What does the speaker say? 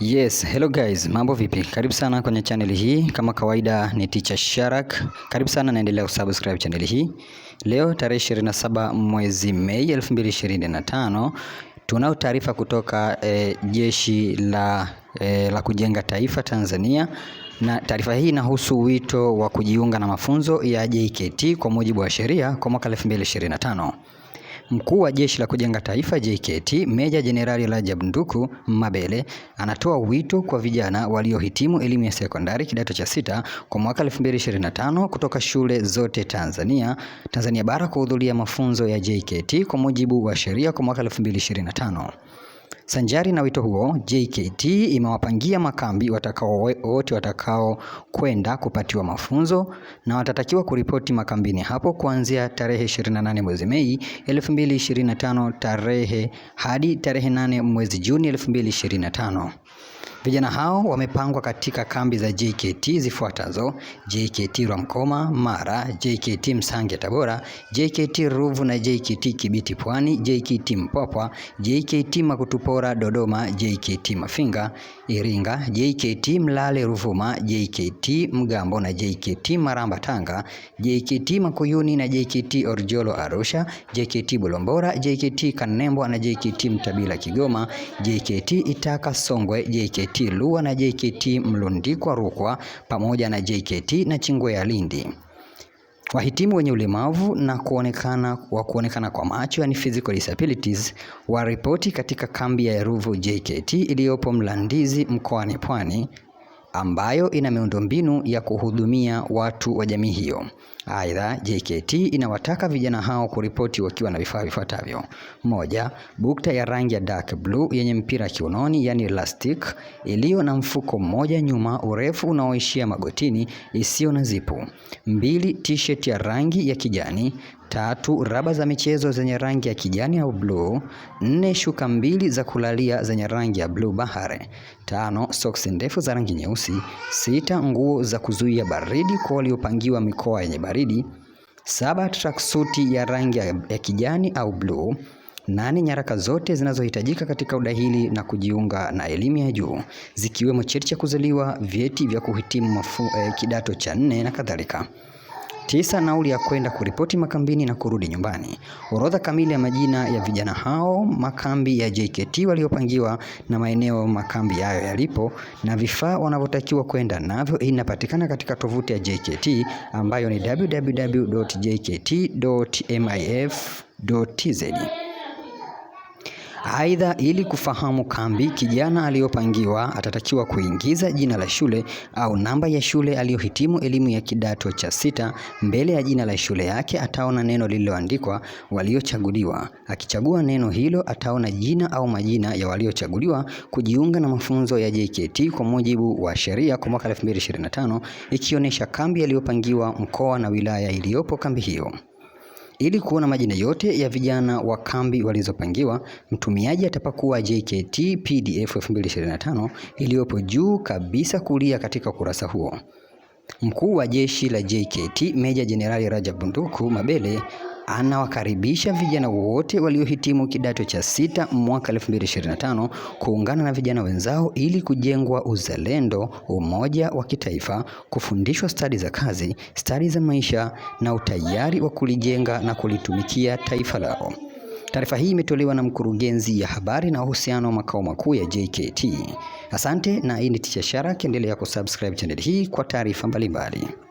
Yes, hello guys, mambo vipi? Karibu sana kwenye channel hii. Kama kawaida ni Teacher Sharak. Karibu sana naendelea kusubscribe channel hii. Leo tarehe 27 mwezi Mei 2025 tunao taarifa kutoka e, jeshi la, e, la kujenga taifa Tanzania na taarifa hii inahusu wito wa kujiunga na mafunzo ya JKT kwa mujibu wa sheria kwa mwaka 2025. Mkuu wa Jeshi la Kujenga Taifa JKT Meja Jenerali Rajab Nduku Mabele anatoa wito kwa vijana waliohitimu elimu ya sekondari kidato cha sita kwa mwaka 2025 kutoka shule zote Tanzania, Tanzania bara kuhudhuria mafunzo ya JKT kwa mujibu wa sheria kwa mwaka 2025. Sanjari na wito huo, JKT imewapangia makambi watakao wote watakaokwenda kupatiwa mafunzo na watatakiwa kuripoti makambini hapo kuanzia tarehe 28 mwezi Mei 2025 tarehe hadi tarehe 8 mwezi Juni 2025. Vijana hao wamepangwa katika kambi za JKT zifuatazo: JKT Rwamkoma Mara, JKT Msange Tabora, JKT Ruvu na JKT Kibiti Pwani, JKT Mpwapwa, JKT Makutupora Dodoma, JKT Mafinga Iringa, JKT Mlale Ruvuma, JKT Mgambo na JKT Maramba Tanga, JKT Makuyuni na JKT Orjolo Arusha, JKT Bulombora, JKT Kanembwa na JKT Mtabila Kigoma, JKT Itaka Songwe, JKT JKT Lua na JKT Mlundikwa Rukwa pamoja na JKT na ya Lindi. Wahitimu wenye ulemavu na kuonekana, wa kuonekana kwa macho yani physical disabilities waripoti katika kambi ya Ruvu JKT iliyopo Mlandizi mkoani Pwani ambayo ina miundombinu ya kuhudumia watu wa jamii hiyo. Aidha, JKT inawataka vijana hao kuripoti wakiwa na vifaa vifuatavyo: moja, bukta ya rangi ya dark blue yenye mpira kiunoni, yani elastic, iliyo na mfuko mmoja nyuma, urefu unaoishia magotini, isiyo na zipu; mbili, t-shirt ya rangi ya kijani; Tatu, raba za michezo zenye rangi ya kijani au bluu. Nne, shuka mbili za kulalia zenye rangi ya bluu bahari. Tano, soksi ndefu za rangi nyeusi. Sita, nguo za kuzuia baridi kwa waliopangiwa mikoa yenye baridi. Saba, traksuti ya rangi ya kijani au bluu. Nane, nyaraka zote zinazohitajika katika udahili na kujiunga na elimu ya juu zikiwemo cheti cha kuzaliwa, vyeti vya kuhitimu mafu, eh, kidato cha nne na kadhalika tisa, nauli ya kwenda kuripoti makambini na kurudi nyumbani. Orodha kamili ya majina ya vijana hao, makambi ya JKT waliopangiwa na maeneo makambi yayo yalipo na vifaa wanavyotakiwa kwenda navyo inapatikana katika tovuti ya JKT ambayo ni www.jkt.mif.tz. Aidha, ili kufahamu kambi, kijana aliyopangiwa atatakiwa kuingiza jina la shule au namba ya shule aliyohitimu elimu ya kidato cha sita. Mbele ya jina la shule yake ataona neno lililoandikwa waliochaguliwa. Akichagua neno hilo, ataona jina au majina ya waliochaguliwa kujiunga na mafunzo ya JKT kwa mujibu wa sheria kwa mwaka 2025 ikionyesha kambi aliyopangiwa, mkoa na wilaya iliyopo kambi hiyo. Ili kuona majina yote ya vijana wa kambi walizopangiwa, mtumiaji atapakua JKT PDF 2025 iliyopo juu kabisa kulia katika ukurasa huo. Mkuu wa jeshi la JKT Meja Jenerali Rajab Bunduku Mabele anawakaribisha vijana wote waliohitimu kidato cha sita mwaka 2025 kuungana na vijana wenzao ili kujengwa uzalendo, umoja wa kitaifa, kufundishwa stadi za kazi, stadi za maisha na utayari wa kulijenga na kulitumikia taifa lao. Taarifa hii imetolewa na mkurugenzi ya habari na uhusiano wa makao makuu ya JKT. Asante na hii ni Ticha Shara, kiendelea kusubscribe channel hii kwa taarifa mbalimbali.